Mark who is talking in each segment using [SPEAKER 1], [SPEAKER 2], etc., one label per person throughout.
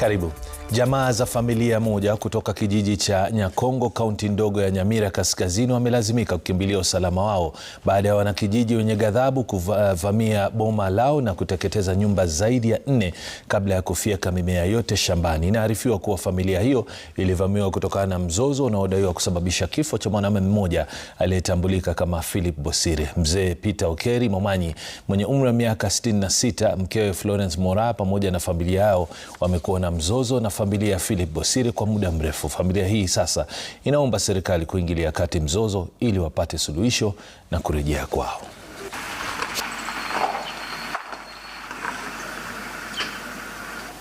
[SPEAKER 1] Karibu. Jamaa za familia moja kutoka kijiji cha Nyakongo, kaunti ndogo ya Nyamira Kaskazini, wamelazimika kukimbilia usalama wao baada ya wanakijiji wenye ghadhabu kuvamia boma lao na kuteketeza nyumba zaidi ya nne kabla ya kufyeka mimea yote shambani. Inaarifiwa kuwa familia hiyo ilivamiwa kutokana na mzozo unaodaiwa kusababisha kifo cha mwanaume mmoja aliyetambulika kama Philip Bosire. Mzee Peter Okeri Momanyi mwenye umri wa miaka 66, mkewe Florence Mora pamoja na familia yao wamekuwa na mzozo na familia ya Philip Bosire kwa muda mrefu. Familia hii sasa inaomba serikali kuingilia kati mzozo ili wapate suluhisho na kurejea kwao.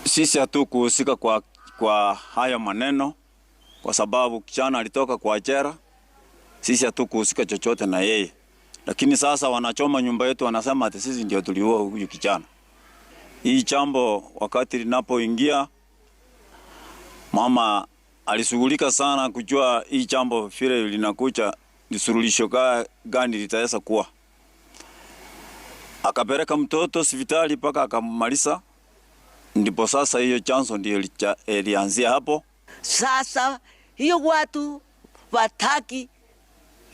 [SPEAKER 2] Sisi hatukuhusika kwa, kwa haya maneno kwa sababu kijana alitoka kwa jera. Sisi hatukuhusika chochote na yeye, lakini sasa wanachoma nyumba yetu, wanasema ati sisi ndio tuliua huyu kijana. Hii jambo wakati linapoingia mama alisughulika sana kujua hii jambo vile nisurulisho ka gani litaweza kuwa. Akapeleka mtoto hospitali mpaka akamaliza, ndipo sasa hiyo chanzo ndio eh, ilianzia hapo.
[SPEAKER 3] Sasa hiyo watu wataki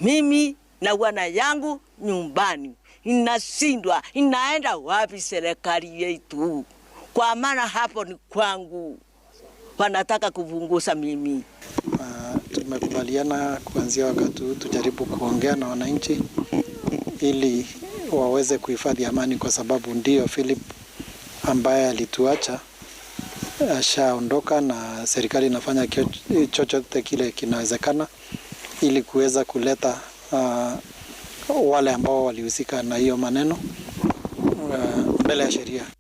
[SPEAKER 3] mimi na wana yangu nyumbani, inashindwa inaenda wapi serikali yetu? Kwa maana hapo ni kwangu wanataka kuvungusa mimi.
[SPEAKER 4] Ah, tumekubaliana kuanzia wakati huu tujaribu kuongea na wananchi ili waweze kuhifadhi amani, kwa sababu ndio Philip ambaye alituacha ashaondoka, na serikali inafanya chochote kile kinawezekana ili kuweza kuleta uh, wale ambao walihusika na hiyo maneno uh, mbele ya sheria.